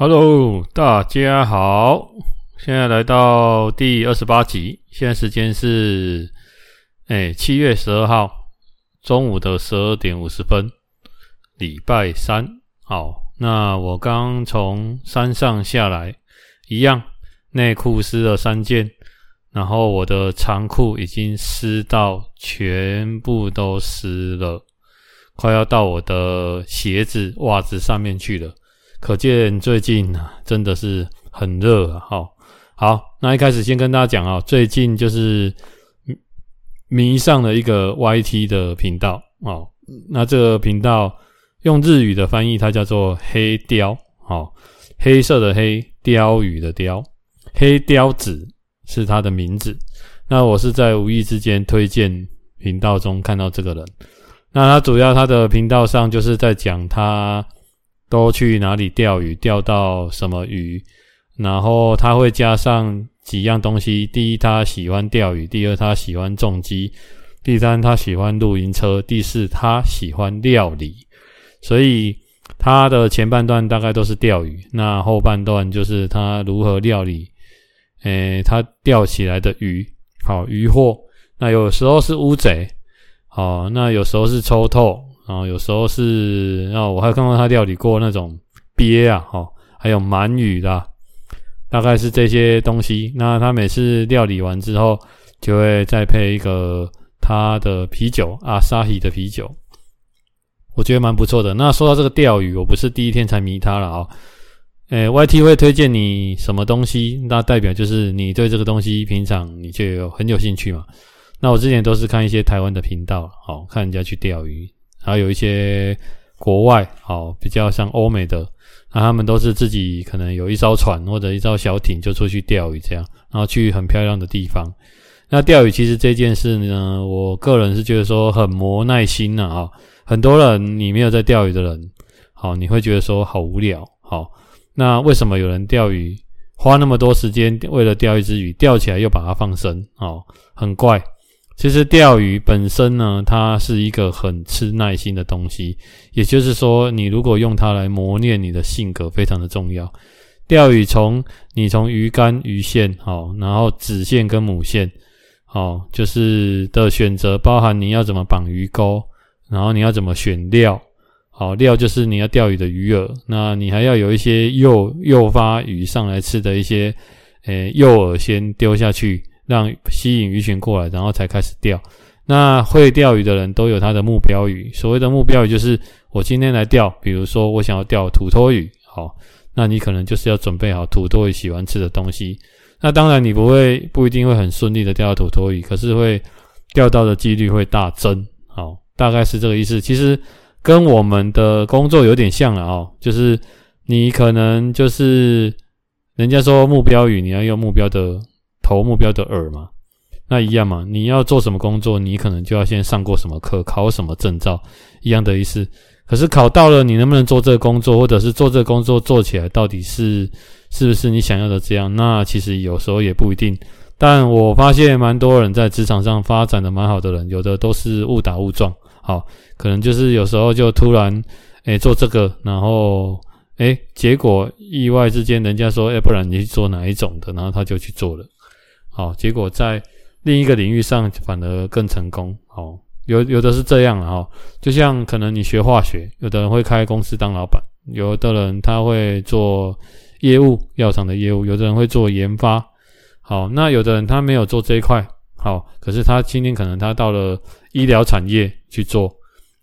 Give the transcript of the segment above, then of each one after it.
Hello，大家好！現在來到第二十八集。現在時間是，欸，七月十二號中午的十二點五十分，禮拜三。好，那我剛從山上下來，一樣內褲濕了三件，然後我的長褲已經濕到全部都濕了，快要到我的鞋子、襪子上面去了。可見最近真的是很熱啊！好，好，那一開始先跟大家講啊，最近就是迷上了一個 YT 的頻道哦，那這個頻道用日語的翻譯，它叫做“黑鯛”哦，黑色的黑，鯛魚的鯛，黑鯛子是它的名字。那我是在無意之間推薦頻道中看到這個人。那他主要他的頻道上就是在講他，都去哪裡釣魚，釣到什麼魚？然後他會加上幾樣東西：第一，他喜歡釣魚；第二，他喜歡重機；第三，他喜歡露營車；第四，他喜歡料理。所以他的前半段大概都是釣魚，那後半段就是他如何料理。誒、欸，他釣起來的魚，好，漁獲，那有時候是烏賊，好，那有時候是抽透。然、哦、有時候是，然、哦、我還看到他料理過那種鱉啊，哈、哦，還有鰻魚的、啊，大概是這些東西。那他每次料理完之後，就會再配一個他的啤酒，啊，Asahi 的啤酒，我覺得蠻不錯的。那說到這個釣魚，我不是第一天才迷他了啊、哦。誒，YT 會推薦你什麼東西，那代表就是你對這個東西平常你就有很有興趣嘛。那我之前都是看一些台灣的頻道，哦，看人家去釣魚。然後有一些國外，哦，比較像歐美的，那他們都是自己可能有一艘船或者一艘小艇就出去釣魚這樣，然後去很漂亮的地方。那釣魚其實這件事呢，我個人是覺得說很磨耐心呢、啊，啊、哦，很多人你沒有在釣魚的人，好、哦，你會覺得說好無聊，好、哦，那為什麼有人釣魚花那麼多時間為了釣一隻魚，釣起來又把它放生，哦，很怪。其實釣魚本身呢，它是一個很吃耐心的東西。也就是說，你如果用它來磨練你的性格，非常的重要。釣魚從你從魚竿、魚線，好，然後子線跟母線，好，就是的選擇，包含你要怎麼綁魚鈎，然後你要怎麼選料，好，料就是你要釣魚的魚餌。那你還要有一些誘誘發魚上來吃的一些，誒誘餌先丟下去。讓吸引魚群過來，然後才開始釣。那會釣魚的人都有他的目標魚，所謂的目標魚就是我今天來釣，比如說我想要釣土魠魚，好，那你可能就是要準備好土魠魚喜歡吃的東西。那當然你不會不一定會很順利的釣到土魠魚，可是會釣到的幾率會大增。好，大概是這個意思。其實跟我們的工作有點像了哦，就是你可能就是人家說目標魚，你要用目標的。投目標的餌嘛，那一樣嘛。你要做什麼工作，你可能就要先上過什麼課，考什麼證照，一樣的意思。可是考到了，你能不能做這個工作，或者是做這個工作做起來到底是是不是你想要的這樣？那其實有時候也不一定。但我發現蠻多人在職場上發展得蠻好的人，有的都是誤打誤撞。好，可能就是有時候就突然哎、欸、做這個，然後哎、欸、結果意外之間人家說哎、欸、不然你去做哪一種的，然後他就去做了。好，結果在另一個領域上反而更成功。哦，有有的是這樣哈，就像可能你學化學，有的人會開公司當老闆，有的人他會做業務，藥廠的業務，有的人會做研發。好，那有的人他沒有做這一塊，好，可是他今天可能他到了醫療產業去做，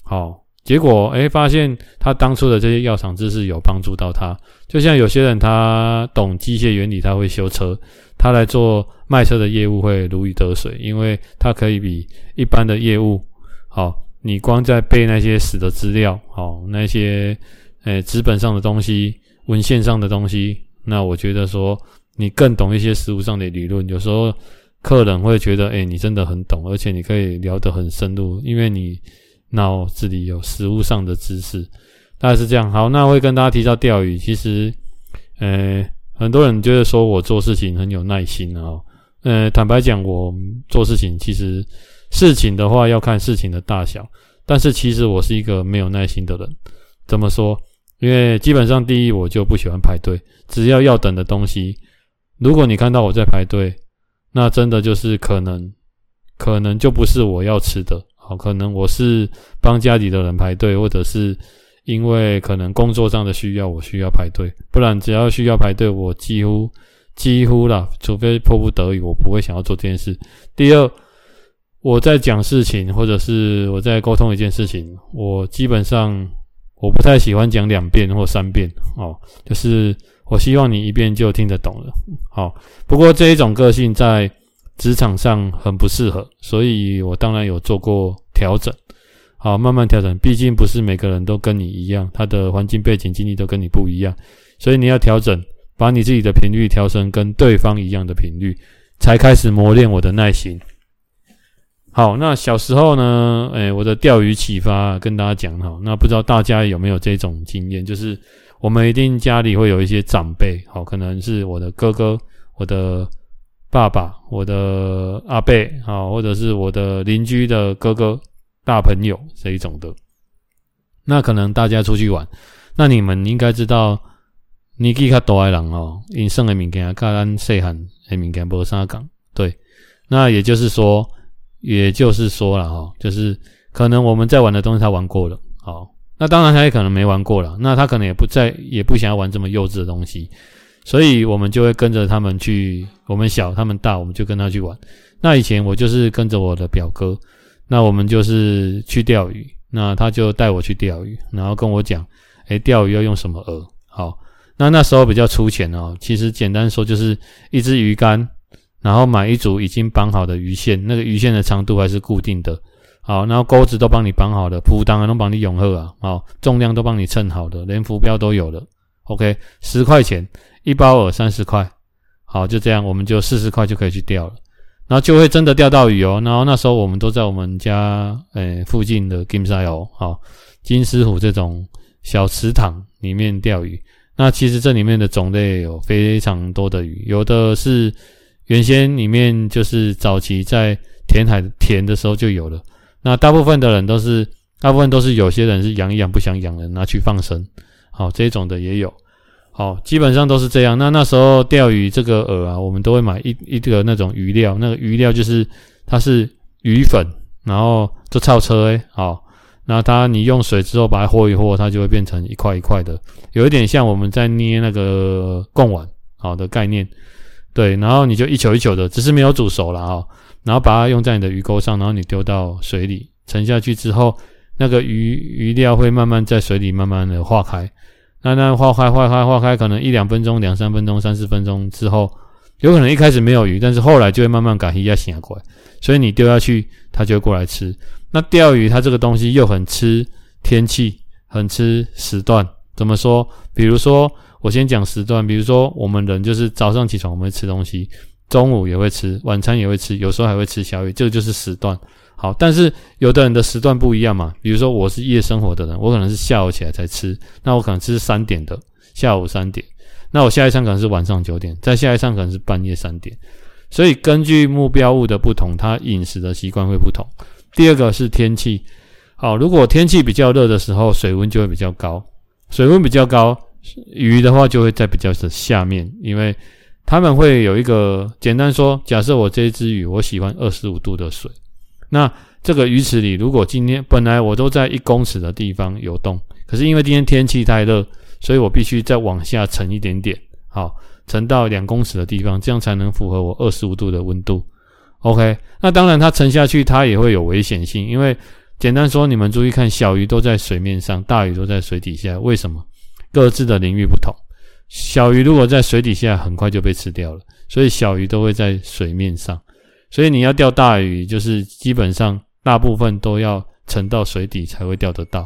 好，結果哎發現他當初的這些藥廠知識有幫助到他。就像有些人他懂機械原理，他會修車，他來做賣車的業務會如魚得水，因為他可以比一般的業務好。你光在背那些死的資料，好，那些誒、欸、紙本上的東西、文獻上的東西，那我覺得說你更懂一些實物上的理論。有時候客人會覺得，誒、欸，你真的很懂，而且你可以聊得很深入，因為你腦子裡有實物上的知識。大概是這樣，好，那我會跟大家提到釣魚。其實，呃、欸，很多人覺得說我做事情很有耐心啊、哦。誒、欸，坦白講，我做事情其實事情的話要看事情的大小，但是其實我是一個沒有耐心的人。怎麼說？因為基本上第一，我就不喜歡排隊。只要要等的東西，如果你看到我在排隊，那真的就是可能，可能就不是我要吃的。好，可能我是幫家裡的人排隊，或者是。因為可能工作上的需要，我需要排隊，不然只要需要排隊，我幾乎幾乎啦，除非迫不得已，我不會想要做這件事。第二，我在講事情，或者是我在溝通一件事情，我基本上我不太喜歡講兩遍或三遍哦，就是我希望你一遍就聽得懂了。好，哦，不過這一種個性在職場上很不適合，所以我當然有做過調整。好，慢慢調整。畢竟不是每個人都跟你一樣，他的環境背景經歷都跟你不一樣，所以你要調整，把你自己的頻率調成跟對方一樣的頻率，才開始磨練我的耐心。好，那小時候呢？誒、欸，我的釣魚啟發跟大家講好。那不知道大家有沒有這種經驗？就是我們一定家裡會有一些長輩，好，可能是我的哥哥、我的爸爸、我的阿伯，好，或者是我的鄰居的哥哥。大朋友這一種的，那可能大家出去玩，那你們應該知道，年紀比較大的人喔，隱身的敏感啊，看誰喊敏感不殺港？對，那也就是說，也就是說了哈、喔，就是可能我們在玩的東西他玩過了，好、喔，那當然他也可能沒玩過了，那他可能也不在，也不想要玩這麼幼稚的東西，所以我們就會跟着他們去，我們小他們大，我們就跟他去玩。那以前我就是跟着我的表哥。那我們就是去釣魚，那他就帶我去釣魚，然後跟我講，誒，釣魚要用什麼餌？好，那那時候比較粗淺哦，其實簡單說就是一隻魚竿，然後買一組已經綁好的魚線，那個魚線的長度還是固定的，好，然後鈎子都幫你綁好了，鋪檔啊，能幫你用好啊，哦，重量都幫你稱好的，連浮標都有了，OK，十塊錢一包餌三十塊，好，就這樣，我們就四十塊就可以去釣了。然後就會真的釣到魚哦。然後那時候我們都在我們家誒附近的 g m 金獅湖，好，金獅湖這種小池塘裡面釣魚。那其實這裡面的種類有非常多的魚，有的是原先裡面就是早期在填海填的時候就有了。那大部分的人都是，大部分都是，有些人是養一養不想養了拿去放生，好、哦、這種的也有。好，基本上都是這樣。那那時候釣魚這個餌啊，我們都會買一一個那種魚料，那個魚料就是它是魚粉，然後這超車誒、欸、好，那它你用水之後把它和一和，它就會變成一塊一塊的，有一點像我們在捏那個貢丸，好的概念，對，然後你就一球一球的，只是沒有煮熟了啊，然後把它用在你的魚鈎上，然後你丟到水裡沉下去之後，那個魚魚料會慢慢在水裡慢慢的化開。那那化開化開化開，可能一兩分鐘、兩三分鐘、三四分鐘之後，有可能一開始沒有魚，但是後來就會慢慢改，魚要醒過來。所以你丟下去，它就會過來吃。那釣魚它這個東西又很吃天氣，很吃時段。怎麼說？比如說，我先講時段。比如說，我們人就是早上起床我們會吃東西，中午也會吃，晚餐也會吃，有時候還會吃宵夜，這個就是時段。好，但是有的人的時段不一樣嘛。比如說，我是夜生活的人，我可能是下午起來才吃，那我可能吃三點的，下午三點。那我下一餐可能是晚上九點，再下一餐可能是半夜三點。所以根據目標物的不同，它飲食的習慣會不同。第二個是天氣，好，如果天氣比較熱的時候，水溫就會比較高，水溫比較高，魚的話就會在比較的下面，因為他們會有一個簡單說，假設我這一只魚，我喜歡二十五度的水。那這個魚池裡，如果今天本來我都在一公尺的地方游動，可是因為今天天氣太熱，所以我必須再往下沉一點點，好，沉到兩公尺的地方，這樣才能符合我二十五度的溫度。OK，那當然它沉下去，它也會有危險性。因為簡單說，你們注意看，小魚都在水面上，大魚都在水底下，為什麼？各自的領域不同。小魚如果在水底下，很快就被吃掉了，所以小魚都會在水面上。所以你要釣大魚，就是基本上大部分都要沉到水底才會釣得到，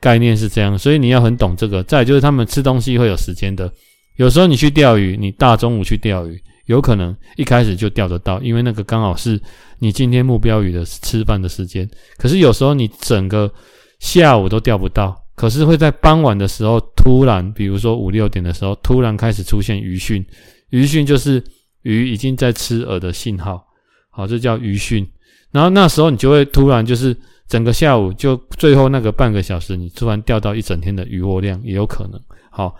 概念是這樣。所以你要很懂這個。再就是他們吃東西會有時間的，有時候你去釣魚，你大中午去釣魚，有可能一開始就釣得到，因為那個剛好是你今天目標魚的吃飯的時間。可是有時候你整個下午都釣不到，可是會在傍晚的時候突然，比如說五六點的時候，突然開始出現魚訊，魚訊就是魚已經在吃餌的信號。好，這叫魚汛。然後那時候你就會突然就是整個下午就最後那個半個小時，你突然釣到一整天的魚獲量也有可能。好，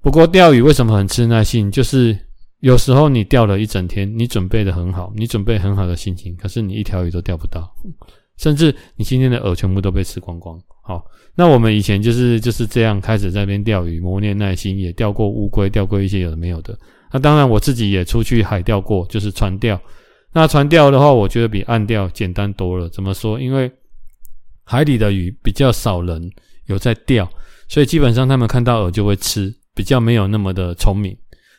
不過釣魚為什麼很吃耐心？就是有時候你釣了一整天，你準備得很好，你準備很好的心情，可是你一條魚都釣不到，甚至你今天的餌全部都被吃光光。好，那我們以前就是就是這樣開始在那邊釣魚磨練耐心，也釣過烏龜，釣過一些有的沒有的。那當然我自己也出去海釣過，就是船釣。那船釣的話，我覺得比岸釣簡單多了。怎麼說？因為海裡的魚比較少人有在釣，所以基本上他們看到餌就會吃，比較沒有那麼的聰明。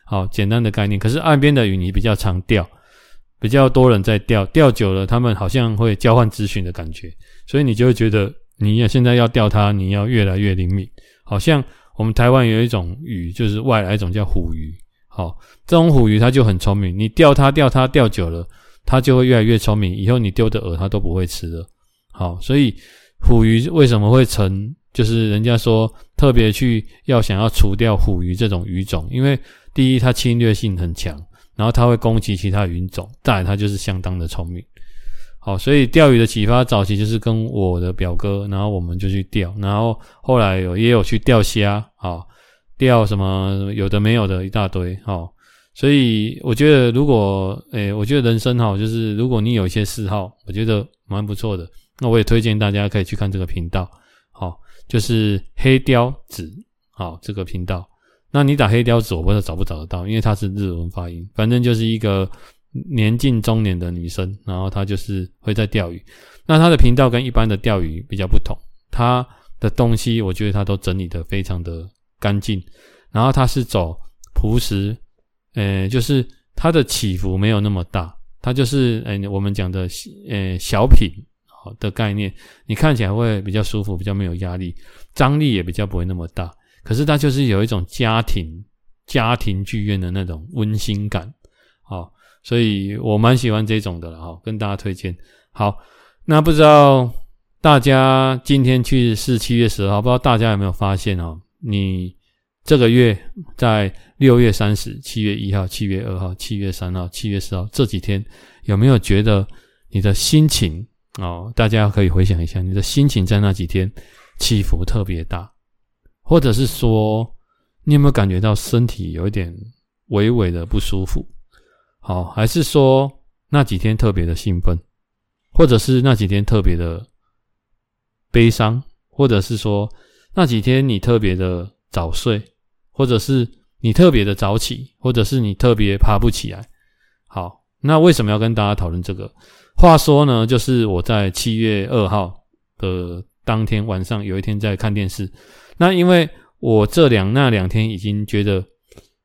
好，簡單的概念。可是岸邊的魚你比較常釣，比較多人在釣，釣久了他們好像會交換資訊的感覺，所以你就會覺得你要現在要釣它，你要越來越靈敏。好像我們台灣有一種魚，就是外來一種叫虎魚。好，這種虎魚它就很聰明，你釣它釣它釣久了。它就會越來越聰明，以後你丟的餌它都不會吃了。好，所以虎魚為什麼會成？就是人家說特別去要想要除掉虎魚這種魚種，因為第一，它侵略性很強，然後它會攻擊其他魚種，再來它就是相當的聰明。好，所以釣魚的啟發早期就是跟我的表哥，然後我們就去釣，然後後來有也有去釣蝦啊，釣什麼有的沒有的一大堆，好。所以我覺得，如果誒、欸，我覺得人生哈，就是如果你有一些嗜好，我覺得蠻不錯的。那我也推薦大家可以去看這個頻道，好，就是黑鯛子，好，這個頻道。那你打黑鯛子，我不知道找不找得到，因為它是日文發音。反正就是一個年近中年的女生，然後她就是會在釣魚。那她的頻道跟一般的釣魚比較不同，她的東西我覺得她都整理得非常的乾淨，然後她是走樸實。呃，就是它的起伏沒有那麼大，它就是呃我們講的呃小品的概念，你看起來會比較舒服，比較沒有壓力，張力也比較不會那麼大。可是它就是有一種家庭家庭劇院的那種溫馨感，好、哦，所以我蠻喜歡這種的哈、哦，跟大家推薦。好，那不知道大家今天去是七月十號，不知道大家有沒有發現哦，你。這個月在六月三十、七月一號、七月二號、七月三號、七月四號這幾天，有沒有覺得你的心情哦，大家可以回想一下，你的心情在那幾天起伏特別大，或者是說你有沒有感覺到身體有一點微微的不舒服？好、哦，還是說那幾天特別的興奮，或者是那幾天特別的悲傷，或者是說那幾天你特別的早睡？或者是你特別的早起，或者是你特別爬不起來。好，那為什麼要跟大家討論這個？話說呢，就是我在七月二號的、呃、當天晚上，有一天在看電視。那因為我這兩那兩天已經覺得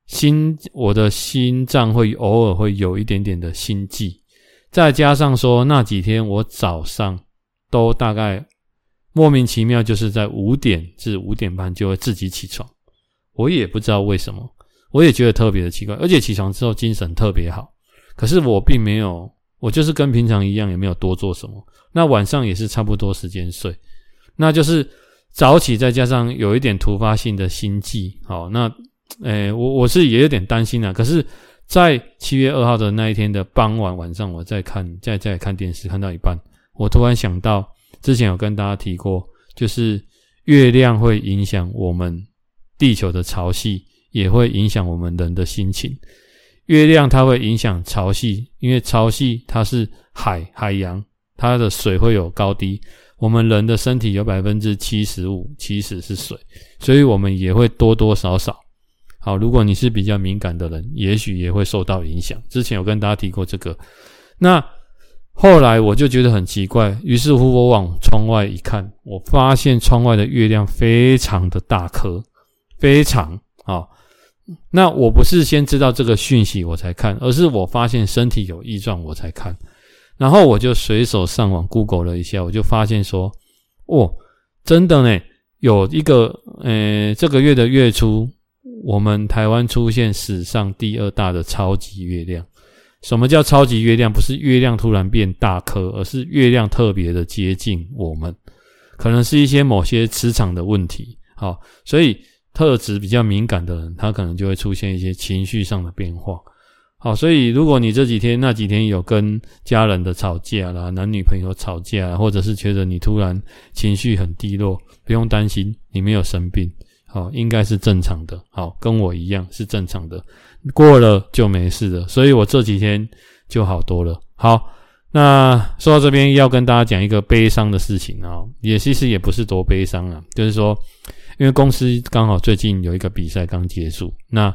心，我的心臟會偶爾會有一點點的心悸，再加上說那幾天我早上都大概莫名其妙，就是在五點至五點半就會自己起床。我也不知道為什麼，我也覺得特別的奇怪，而且起床之後精神特別好，可是我並沒有，我就是跟平常一樣，也沒有多做什麼。那晚上也是差不多時間睡，那就是早起再加上有一點突發性的心悸，好，那，誒，我我是也有點擔心啊。可是，在七月二號的那一天的傍晚晚上，我在看，在在看電視，看到一半，我突然想到之前有跟大家提過，就是月亮會影響我們。地球的潮汐也會影響我們人的心情。月亮它會影響潮汐，因為潮汐它是海海洋，它的水會有高低。我們人的身體有百分之七十五其實是水，所以我們也會多多少少。好，如果你是比較敏感的人，也許也會受到影響。之前有跟大家提過這個。那後來我就覺得很奇怪，於是乎我往窗外一看，我發現窗外的月亮非常的大顆。非常好，那我不是先知道這個訊息我才看，而是我發現身體有異狀我才看，然後我就隨手上網 Google 了一下，我就發現說，哦，真的呢，有一個，呃，這個月的月初，我們台灣出現史上第二大的超級月亮。什麼叫超級月亮？不是月亮突然變大顆，而是月亮特別的接近我們，可能是一些某些磁場的問題。好，所以。特質比較敏感的人，他可能就會出現一些情緒上的變化。好，所以如果你這幾天那幾天有跟家人的吵架啦，男女朋友吵架啦，或者是覺得你突然情緒很低落，不用擔心，你沒有生病，好，應該是正常的。好，跟我一樣是正常的，過了就沒事了。所以我這幾天就好多了。好，那說到這邊，要跟大家講一個悲傷的事情啊、喔，也其實也不是多悲傷啊，就是說。因為公司剛好最近有一個比賽剛結束，那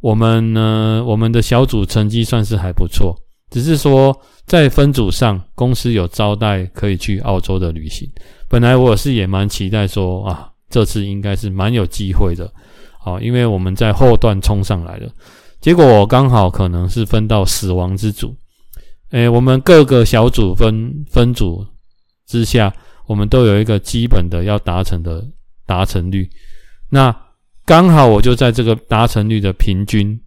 我們呢，我們的小組成績算是還不錯，只是說在分組上，公司有招待可以去澳洲的旅行。本來我是也蠻期待說啊，這次應該是蠻有機會的，好、啊，因為我們在後段衝上來了，結果我剛好可能是分到死亡之組，誒、哎，我們各個小組分分組之下，我們都有一個基本的要達成的。達成率，那剛好我就在這個達成率的平均，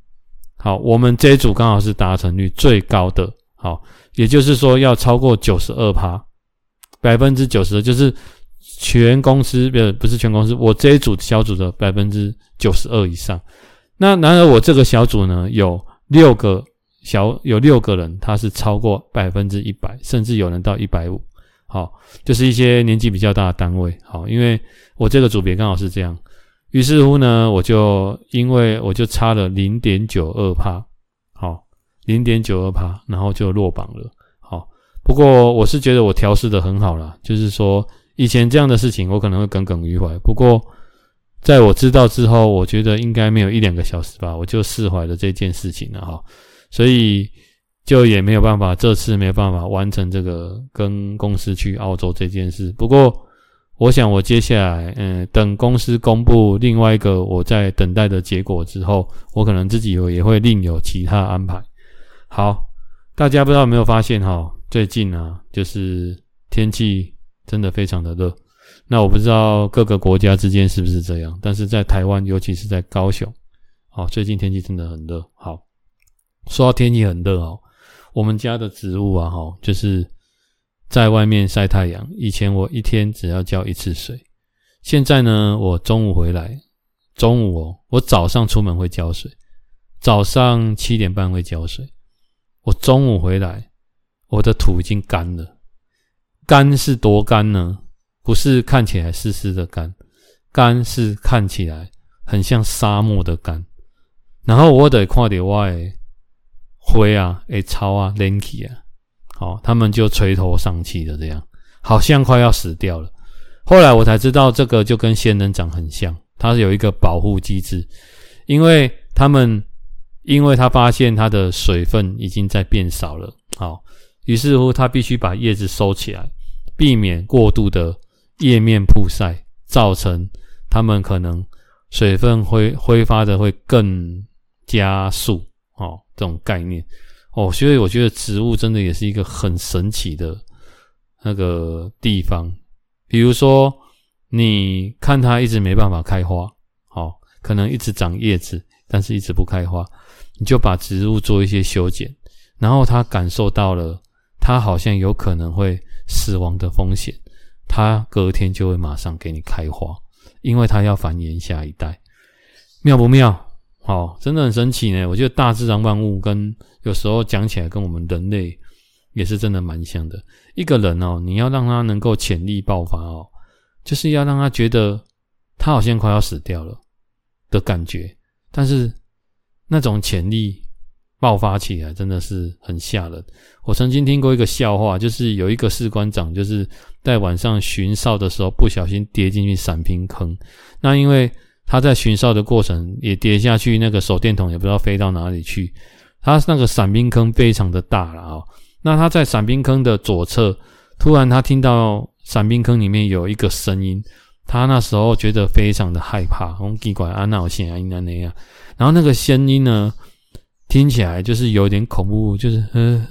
好，我們這一組剛好是達成率最高的，好，也就是說要超過九十二趴，百分之九十，就是全公司不，不是全公司，我這一組小組的百分之九十二以上。那然而我這個小組呢，有六個小有六個人，他是超過百分之一百，甚至有人到一百五。好，就是一些年紀比較大的單位。好，因為我這個組別剛好是這樣，於是乎呢，我就因為我就差了零點九二趴，好，零點九二趴，然後就落榜了。好，不過我是覺得我調適的很好啦，就是說以前這樣的事情我可能會耿耿於懷，不過在我知道之後，我覺得應該沒有一兩個小時吧，我就釋懷了這件事情了哈。所以。就也沒有辦法，這次沒有辦法完成這個跟公司去澳洲這件事。不過，我想我接下來，嗯，等公司公布另外一個我在等待的結果之後，我可能自己有也會另有其他安排。好，大家不知道有沒有發現哈，最近啊，就是天氣真的非常的熱。那我不知道各個國家之間是不是這樣，但是在台灣，尤其是在高雄，好，啊，最近天氣真的很熱。好，說到天氣很熱哦。我們家的植物啊，哈，就是在外面曬太陽。以前我一天只要澆一次水，現在呢，我中午回來，中午哦，我早上出門會澆水，早上七點半會澆水。我中午回來，我的土已經乾了。乾是多乾呢？不是看起來濕濕的乾，乾是看起來很像沙漠的乾。然後我得跨點外。灰啊，誒，超啊，Lanky 啊，好、哦，他們就垂頭喪氣的這樣，好像快要死掉了。後來我才知道，這個就跟仙人掌很像，它是有一個保護機制，因為他們，因為他發現它的水分已經在變少了，好、哦，於是乎他必須把葉子收起來，避免過度的葉面曝曬，造成他們可能水分揮揮發的會更加速。哦，這種概念哦，所以我覺得植物真的也是一個很神奇的那個地方。比如說，你看它一直沒辦法開花，哦，可能一直長葉子，但是一直不開花，你就把植物做一些修剪，然後它感受到了，它好像有可能會死亡的風險，它隔天就會馬上給你開花，因為它要繁衍下一代。妙不妙？哦，真的很神奇呢。我覺得大自然萬物跟有時候講起來，跟我們人類也是真的蠻像的。一個人哦，你要讓他能夠潛力爆發哦，就是要讓他覺得他好像快要死掉了的感覺。但是那種潛力爆發起來，真的是很嚇人。我曾經聽過一個笑話，就是有一個士官長就是在晚上巡哨的時候，不小心跌進去散兵坑。那因為他在巡哨的過程也跌下去，那個手電筒也不知道飛到哪裡去。他那個散兵坑非常的大了啊、哦。那他在散兵坑的左側，突然他聽到散兵坑裡面有一個聲音。他那時候覺得非常的害怕。這樣啊、然後那個聲音呢，聽起來就是有點恐怖，就是嗯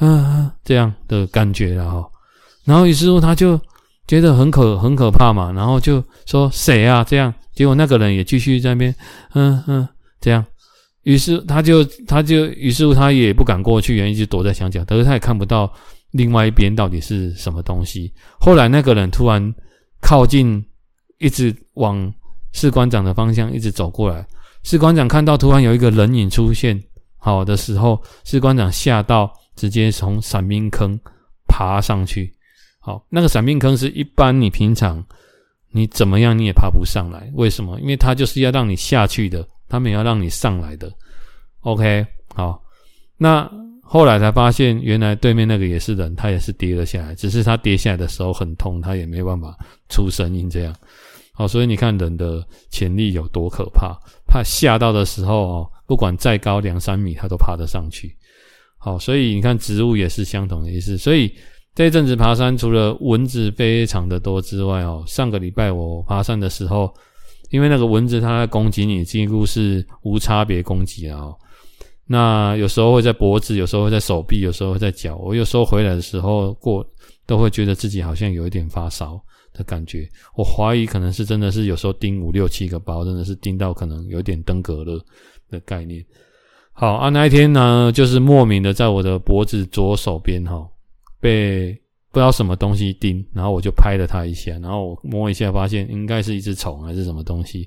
嗯這樣的感覺了哈。然後於是乎他就。覺得很可很可怕嘛，然後就說誰啊？這樣，結果那個人也繼續在那邊，嗯嗯，這樣，於是他就他就，於是他也不敢過去，原因就躲在牆角，可是他也看不到另外一邊到底是什麼東西。後來那個人突然靠近，一直往士官長的方向一直走過來，士官長看到突然有一個人影出現，好的時候，士官長嚇到，直接從傘兵坑爬上去。好，那個散兵坑是一般你平常你怎麼樣你也爬不上來，為什麼？因為它就是要讓你下去的，他們也要讓你上來的。OK，好，那後來才發現原來對面那個也是人，他也是跌了下來，只是他跌下來的時候很痛，他也沒辦法出聲音這樣。好，所以你看人的潛力有多可怕？怕嚇到的時候哦，不管再高兩三米，他都爬得上去。好，所以你看植物也是相同的意思，所以。這一陣子爬山，除了蚊子非常的多之外哦，上個禮拜我爬山的時候，因為那個蚊子它在攻擊你，幾乎是無差別攻擊啊。那有時候會在脖子，有時候會在手臂，有時候會在腳。我有時候回來的時候過，都會覺得自己好像有一點發燒的感覺。我懷疑可能是真的是有時候叮五六七個包，真的是叮到可能有點登革熱的概念。好啊，那一天呢，就是莫名的在我的脖子左手邊哈，被不知道什麼東西叮，然後我就拍了它一下，然後我摸一下，發現應該是一隻蟲還是什麼東西。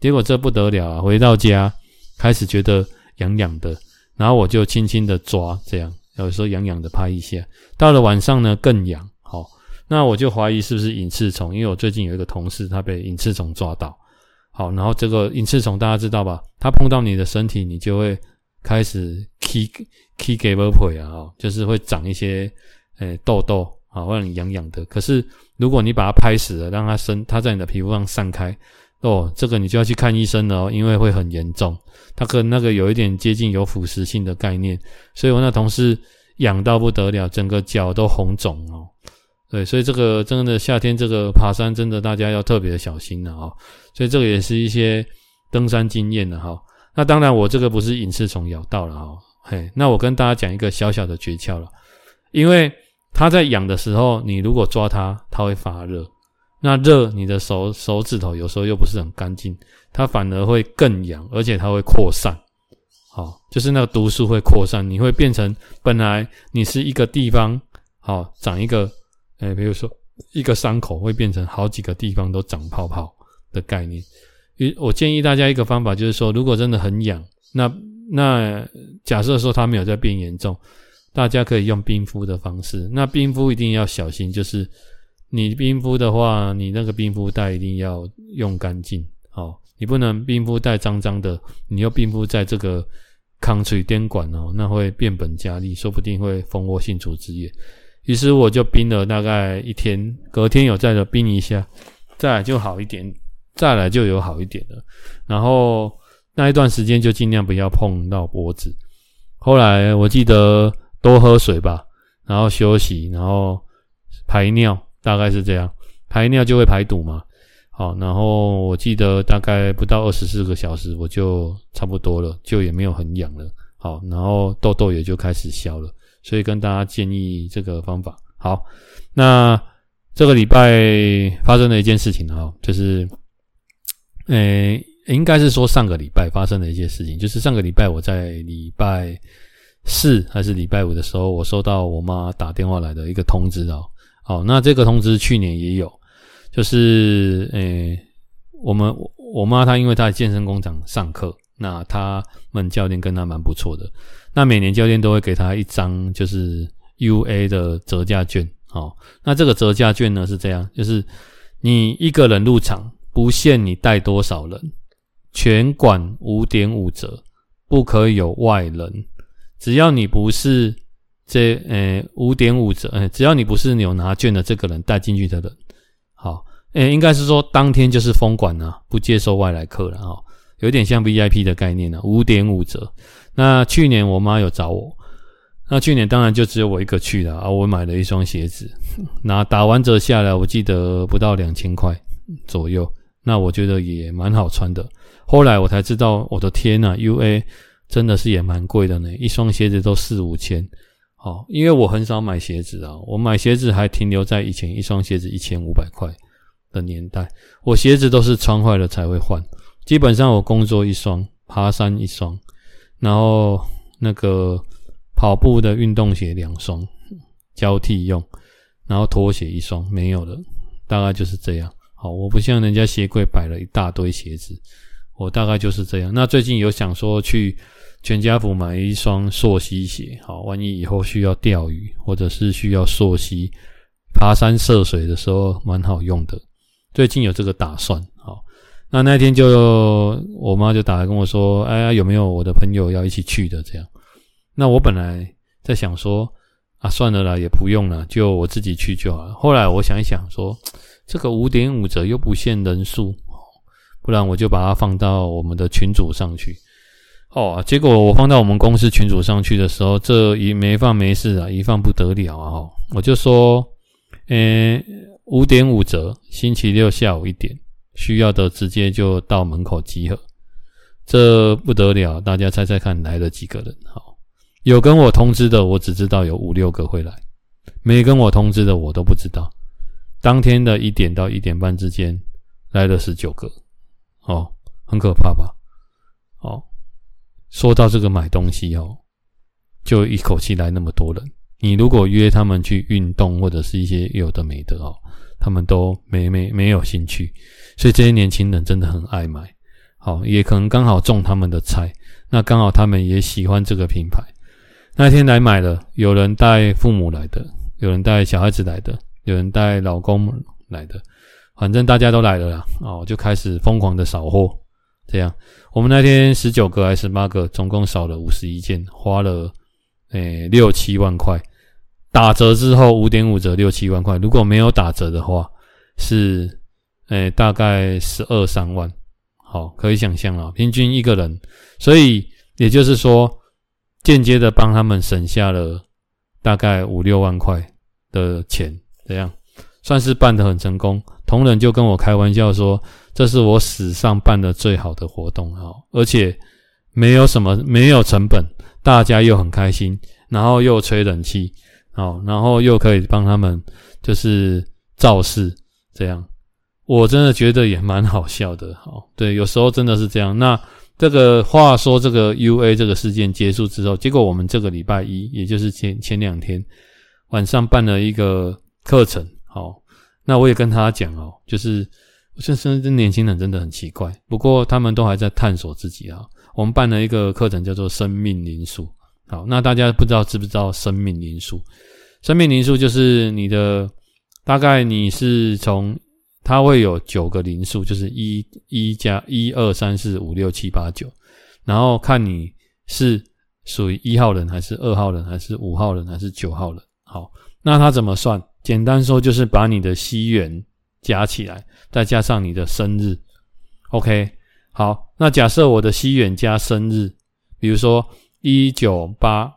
結果這不得了，啊，回到家開始覺得癢癢的，然後我就輕輕的抓，這樣有時候癢癢的拍一下。到了晚上呢更癢，好，喔，那我就懷疑是不是隱翅蟲，因為我最近有一個同事他被隱翅蟲抓到，好，然後這個隱翅蟲大家知道吧？它碰到你的身體，你就會開始起起給毛腿啊，就是會長一些。哎、欸，痘痘啊，會讓你癢癢的。可是如果你把它拍死了，讓它生，它在你的皮膚上散開哦，這個你就要去看醫生了哦，因為會很嚴重。它跟那個有一點接近有腐蝕性的概念，所以我那同事癢到不得了，整個腳都紅腫哦。對，所以這個真的夏天這個爬山真的大家要特別小心了哦。所以這個也是一些登山經驗的哈。那當然我這個不是隱翅蟲咬到了哈、哦。嘿，那我跟大家講一個小小的訣竅了，因為。它在癢的時候，你如果抓它，它會發熱。那熱，你的手手指頭有時候又不是很乾淨，它反而會更癢，而且它會擴散。好，就是那個毒素會擴散，你會變成本來你是一個地方好長一個，哎，比如說一個傷口會變成好幾個地方都長泡泡的概念。我建議大家一個方法就是說，如果真的很癢，那那假設說它沒有再變嚴重。大家可以用冰敷的方式，那冰敷一定要小心，就是你冰敷的話，你那個冰敷袋一定要用乾淨，哦，你不能冰敷袋髒髒的，你又冰敷在這個抗水墊管哦，那會變本加厲，說不定會蜂窩性組織炎。於是我就冰了大概一天，隔天有再的冰一下，再來就好一點，再來就有好一點了。然後那一段時間就儘量不要碰到脖子。後來我記得。多喝水吧，然後休息，然後排尿，大概是這樣。排尿就會排毒嘛。好，然後我記得大概不到二十四個小時，我就差不多了，就也沒有很癢了。好，然後痘痘也就開始消了。所以跟大家建議這個方法。好，那這個禮拜發生了一件事情哈，就是，誒、欸，應該是說上個禮拜發生的一件事情，就是上個禮拜我在禮拜。四還是禮拜五的時候，我收到我媽打電話來的一個通知哦。好，那這個通知去年也有，就是呃、欸，我們我媽她因為她在健身工廠上課，那他們教練跟她蠻不錯的。那每年教練都會給她一張就是 UA 的折價券哦。那這個折價券呢是這樣，就是你一個人入場不限你帶多少人，全館五點五折，不可以有外人。只要你不是這呃五點五折，哎，只要你不是你有拿券的這個人帶進去的人，好，哎，應該是說當天就是封館了、啊，不接受外來客人。啊、哦，有點像 V I P 的概念了、啊，五點五折。那去年我媽有找我，那去年當然就只有我一個去了啊，我買了一雙鞋子，那打完折下來，我記得不到兩千塊左右，那我覺得也蠻好穿的。後來我才知道，我的天吶，U A。UA, 真的是也蠻貴的呢，一雙鞋子都四五千。好，因為我很少買鞋子啊，我買鞋子還停留在以前一雙鞋子一千五百塊的年代。我鞋子都是穿壞了才會換，基本上我工作一雙，爬山一雙，然後那個跑步的運動鞋兩雙交替用，然後拖鞋一雙，沒有了，大概就是這樣。好，我不像人家鞋櫃擺了一大堆鞋子。我大概就是這樣。那最近有想說去全家福買一雙溯溪鞋，好，萬一以後需要釣魚或者是需要溯溪、爬山涉水的時候，蠻好用的。最近有這個打算，好。那那天就我媽就打來跟我說：“哎呀，有沒有我的朋友要一起去的？”這樣。那我本來在想說：“啊，算了啦，也不用了，就我自己去就好了。”後來我想一想說，說這個五點五折又不限人數。不然我就把它放到我們的群組上去。哦，結果我放到我們公司群組上去的時候，這一沒放沒事啊，一放不得了啊！我就說，嗯、欸，五點五折，星期六下午一點，需要的直接就到門口集合。這不得了，大家猜猜看來了幾個人？好，有跟我通知的，我只知道有五六個會來；沒跟我通知的，我都不知道。當天的一點到一點半之間，來了十九個。哦，很可怕吧？哦，說到這個買東西哦，就一口氣來那麼多人。你如果約他們去運動或者是一些有的沒的哦，他們都沒沒沒有興趣。所以這些年輕人真的很愛買。好，哦，也可能剛好種他們的菜，那剛好他們也喜歡這個品牌。那天來買了，有人帶父母來的，有人帶小孩子來的，有人帶老公來的。反正大家都來了啦，哦，就開始瘋狂的掃貨，這樣，我們那天十九個還是十八個，總共掃了五十一件，花了，誒六七萬塊，打折之後五點五折六七萬塊，如果沒有打折的話，是，誒、欸、大概十二三萬，好，可以想象了，平均一個人，所以也就是說，間接的幫他們省下了大概五六萬塊的錢，這樣算是辦得很成功。同仁就跟我開玩笑說：“這是我史上辦的最好的活動哦，而且沒有什麼沒有成本，大家又很開心，然後又吹冷氣哦，然後又可以幫他們就是造勢這樣，我真的覺得也蠻好笑的哦。對，有時候真的是這樣。那這個話說，這個 UA 這個事件結束之後，結果我們這個禮拜一，也就是前前兩天晚上辦了一個課程，哦。”那我也跟他講哦，就是，現在這年輕人真的很奇怪。不過他們都還在探索自己啊。我們辦了一個課程叫做“生命靈數”。好，那大家不知道知不知道“生命靈數”？“生命靈數”就是你的，大概你是從它會有九個靈數，就是一、一加一二三四五六七八九，然後看你是屬於一號人還是二號人還是五號人還是九號人。好，那他怎麼算？簡單說就是把你的西元加起來，再加上你的生日，OK。好，那假設我的西元加生日，比如說一九八，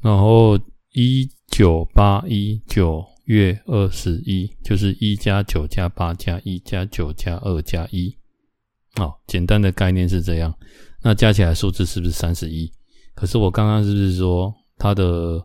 然後一九八一九月二十一，就是一加九加八加一加九加二加一，好，簡單的概念是這樣。那加起來數字是不是三十一？可是我剛剛是不是說他的？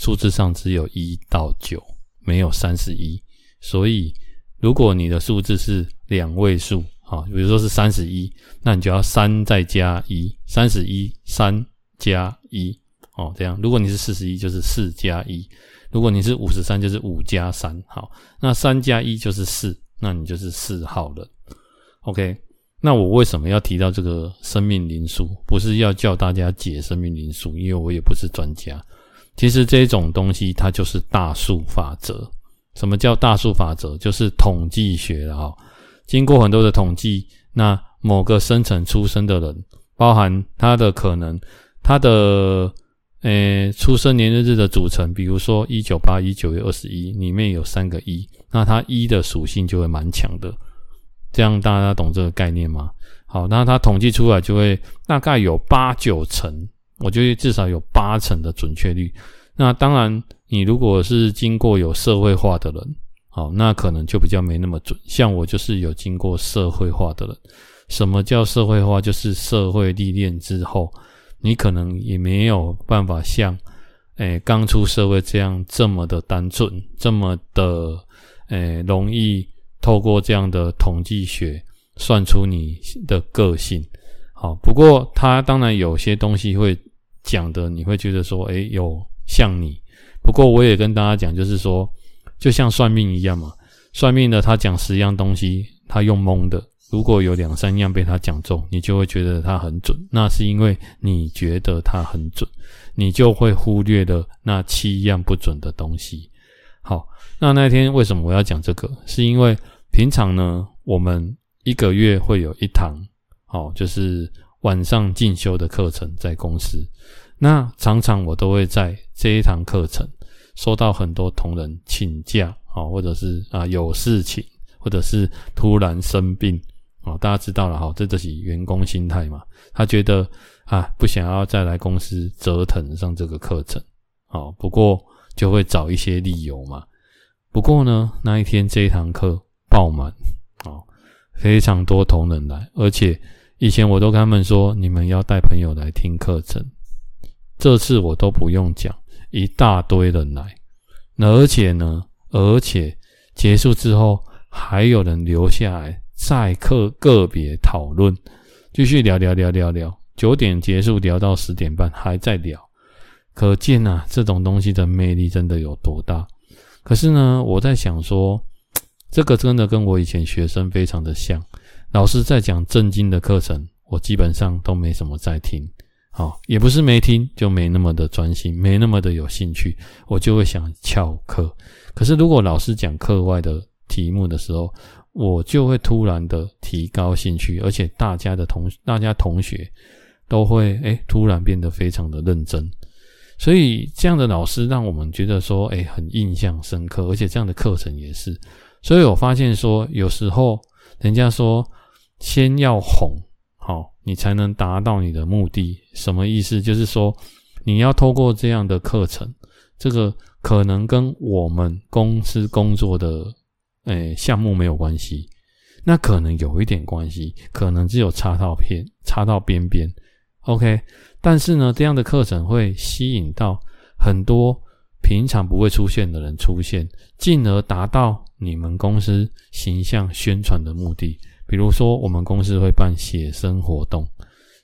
數字上只有一到九，沒有三十一。所以，如果你的數字是兩位數，啊、哦，比如說是三十一，那你就要三再加一，三十一，三加一，哦，這樣。如果你是四十一，就是四加一；如果你是五十三，就是五加三。好，那三加一就是四，那你就是四號了。OK，那我為什麼要提到這個生命靈數？不是要叫大家解生命靈數，因為我也不是專家。其實這種東西它就是大數法則。什麼叫大數法則？就是統計學了哈、哦。經過很多的統計，那某個生辰出生的人，包含他的可能，他的誒出生年月日的組成，比如說一九八一九月二十一，裡面有三個一，那它一的屬性就會蠻強的。這樣大家懂這個概念嗎？好，那它統計出來就會大概有八九成。我就至少有八成的準確率。那當然，你如果是經過有社會化的人，好，那可能就比較沒那麼準。像我就是有經過社會化的人。什麼叫社會化？就是社會歷練之後，你可能也沒有辦法像，誒、欸，剛出社會這樣這麼的單純，這麼的，誒、欸，容易透過這樣的統計學算出你的個性。好，不過他當然有些東西會。講的你會覺得說，誒、欸，有像你。不過我也跟大家講，就是說，就像算命一樣嘛，算命的他講十樣東西，他用矇的。如果有兩三樣被他講中，你就會覺得他很準。那是因為你覺得他很準，你就會忽略了那七樣不準的東西。好，那那天為什麼我要講這個？是因為平常呢，我們一個月會有一堂，好，就是晚上進修的課程在公司。那常常我都會在這一堂課程收到很多同仁請假啊，或者是啊有事情，或者是突然生病啊，大家知道了哈，這就是員工心態嘛。他覺得啊不想要再來公司折騰上這個課程啊，不過就會找一些理由嘛。不過呢，那一天這一堂課爆滿啊，非常多同仁來，而且以前我都跟他們說，你們要帶朋友來聽課程。這次我都不用講，一大堆人來，而且呢，而且結束之後還有人留下來再課個別討論，繼續聊聊聊聊聊，九點結束聊到十點半還在聊，可見啊，這種東西的魅力真的有多大。可是呢，我在想說，這個真的跟我以前學生非常的像，老師在講正經的課程，我基本上都沒什麼在聽。好，也不是沒聽，就沒那麼的專心，沒那麼的有興趣，我就會想翹課。可是如果老師講課外的題目的時候，我就會突然的提高興趣，而且大家的同大家同學都會哎突然變得非常的認真。所以這樣的老師讓我們覺得說哎很印象深刻，而且這樣的課程也是。所以我發現說有時候人家說先要哄好。哦你才能達到你的目的，什麼意思？就是說，你要透過這樣的課程，這個可能跟我們公司工作的欸項目沒有關係，那可能有一點關係，可能只有插到片插到邊邊，OK。但是呢，這樣的課程會吸引到很多平常不會出現的人出現，進而達到你們公司形象宣傳的目的。比如說，我們公司會辦寫生活動，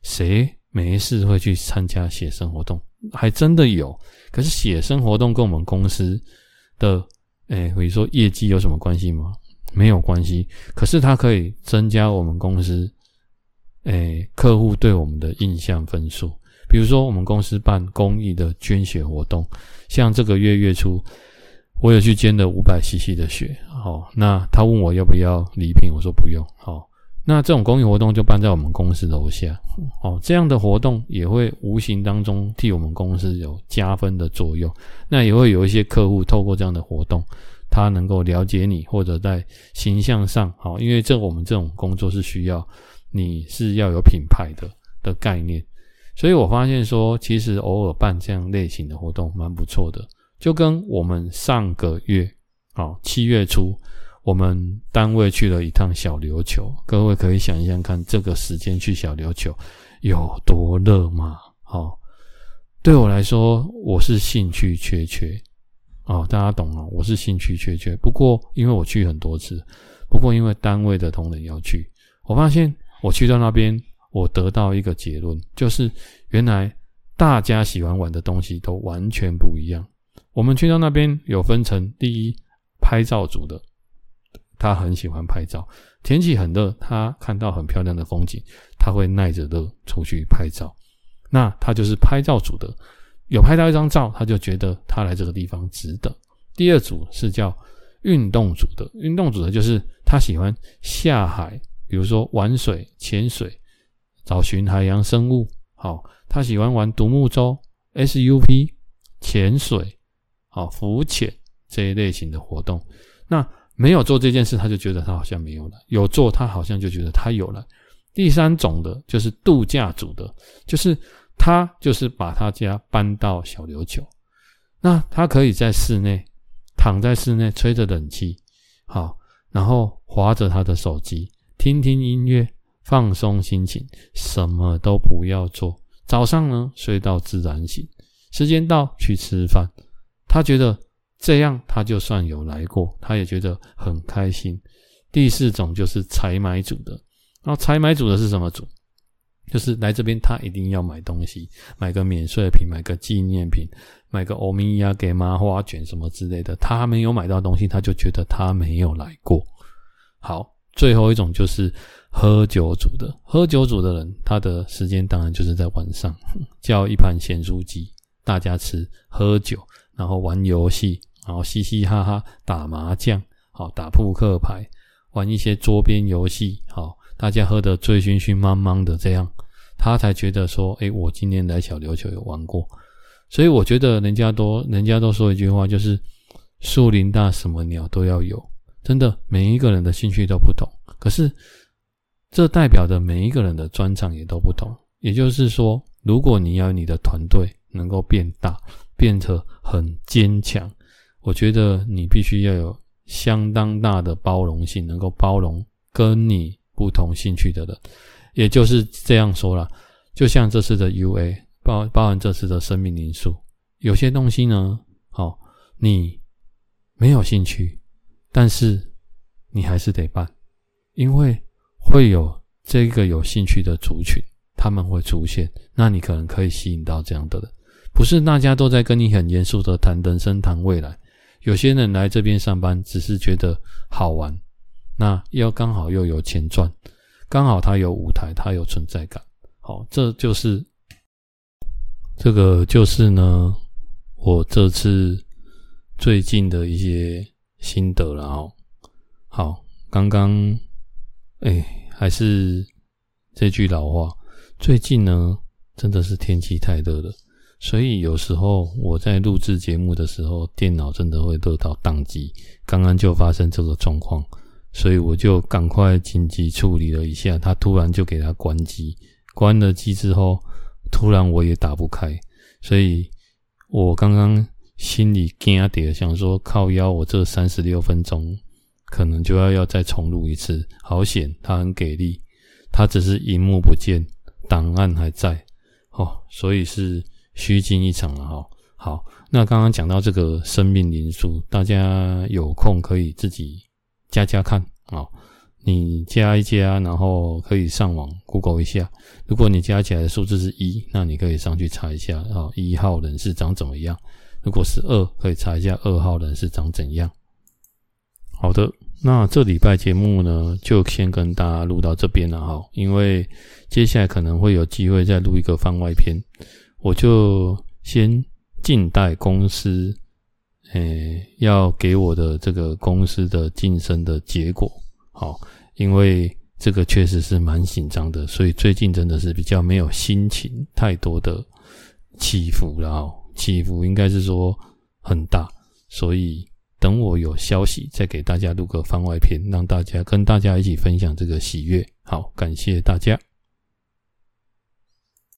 誰沒事會去參加寫生活動？還真的有。可是寫生活動跟我們公司的，誒，比如說業績有什麼關係嗎？沒有關係。可是它可以增加我們公司，誒，客戶對我們的印象分數。比如說，我們公司辦公益的捐血活動，像這個月月初。我有去捐了五百 CC 的血，好、哦，那他問我要不要禮品，我說不用，好、哦，那這種公益活動就辦在我們公司樓下，好、哦，這樣的活動也會無形當中替我們公司有加分的作用，那也會有一些客戶透過這樣的活動，他能夠了解你，或者在形象上，好、哦，因為這我們這種工作是需要你是要有品牌的的概念，所以我發現說，其實偶爾辦這樣類型的活動蠻不錯的。就跟我們上個月，好、哦、七月初，我們單位去了一趟小琉球，各位可以想一想看，這個時間去小琉球有多熱嗎？好、哦，對我來說，我是興趣缺缺哦，大家懂啊，我是興趣缺缺。不過因為我去很多次，不過因為單位的同仁要去，我發現我去到那邊，我得到一個結論，就是原來大家喜歡玩的東西都完全不一樣。我們去到那邊有分成第一拍照組的，他很喜歡拍照，天氣很熱，他看到很漂亮的風景，他會耐着熱出去拍照，那他就是拍照組的。有拍到一張照，他就覺得他來這個地方值得。第二組是叫運動組的，運動組的就是他喜歡下海，比如說玩水、潛水，找尋海洋生物。好、哦，他喜歡玩獨木舟、SUP、潛水。好，浮潛這一類型的活動，那沒有做這件事，他就覺得他好像沒有了；有做，他好像就覺得他有了。第三種的就是度假組的，就是他就是把他家搬到小琉球，那他可以在室內躺在室內吹着冷氣，好，然後滑着他的手機，聽聽音樂，放鬆心情，什麼都不要做。早上呢，睡到自然醒，時間到去吃飯。他覺得這樣，他就算有來過，他也覺得很開心。第四種就是採買組的，那採買組的是什麼組？就是來這邊他一定要買東西，買個免稅品，買個紀念品，買個歐米亞給麻花卷什麼之類的。他沒有買到東西，他就覺得他沒有來過。好，最後一種就是喝酒組的，喝酒組的人，他的時間當然就是在晚上，叫一盤鹹酥雞，大家吃喝酒。然後玩遊戲，然後嘻嘻哈哈打麻將，好，打撲克牌，玩一些桌邊遊戲，好，大家喝得醉醺醺、茫茫的這樣，他才覺得說：“哎，我今天來小琉球有玩過。”所以我覺得人家都，人家都說一句話，就是“樹林大，什麼鳥都要有”。真的，每一個人的興趣都不同，可是這代表的每一個人的專長也都不同。也就是說，如果你要你的團隊能夠變大。變得很堅強，我覺得你必須要有相當大的包容性，能夠包容跟你不同興趣的人。也就是這樣說了，就像這次的 UA 包包含這次的生命靈數，有些東西呢，好、哦，你沒有興趣，但是你還是得辦，因為會有這個有興趣的族群，他們會出現，那你可能可以吸引到這樣的人。不是大家都在跟你很嚴肅的談人生、談未來，有些人來這邊上班只是覺得好玩，那要剛好又有錢賺，剛好他有舞台，他有存在感，好，這就是這個就是呢，我這次最近的一些心得了哦。好，剛剛哎，還是這句老話，最近呢真的是天氣太熱了。所以有時候我在錄製節目的時候，電腦真的會得到宕機。剛剛就發生這個狀況，所以我就趕快緊急處理了一下。他突然就給他關機，關了機之後，突然我也打不開。所以，我剛剛心裡驚啊跌，想說靠腰，我這三十六分鐘可能就要要再重錄一次。好險，他很給力，他只是熒幕不見，檔案還在。哦，所以是。虛驚一場了哈。好，那剛剛講到這個生命靈數，大家有空可以自己加加看啊。你加一加，然後可以上網 Google 一下。如果你加起來的數字是一，那你可以上去查一下啊，一號人是長怎麼樣？如果是二，可以查一下二號人是長怎樣。好的，那這禮拜節目呢，就先跟大家錄到這邊了哈。因為接下來可能會有機會再錄一個番外篇。我就先靜待公司，誒、欸，要給我的這個公司的晉升的結果。好，因為這個確實是蠻緊張的，所以最近真的是比較沒有心情，太多的起伏了哦，起伏應該是說很大。所以等我有消息，再給大家錄個番外篇，讓大家跟大家一起分享這個喜悅。好，感謝大家。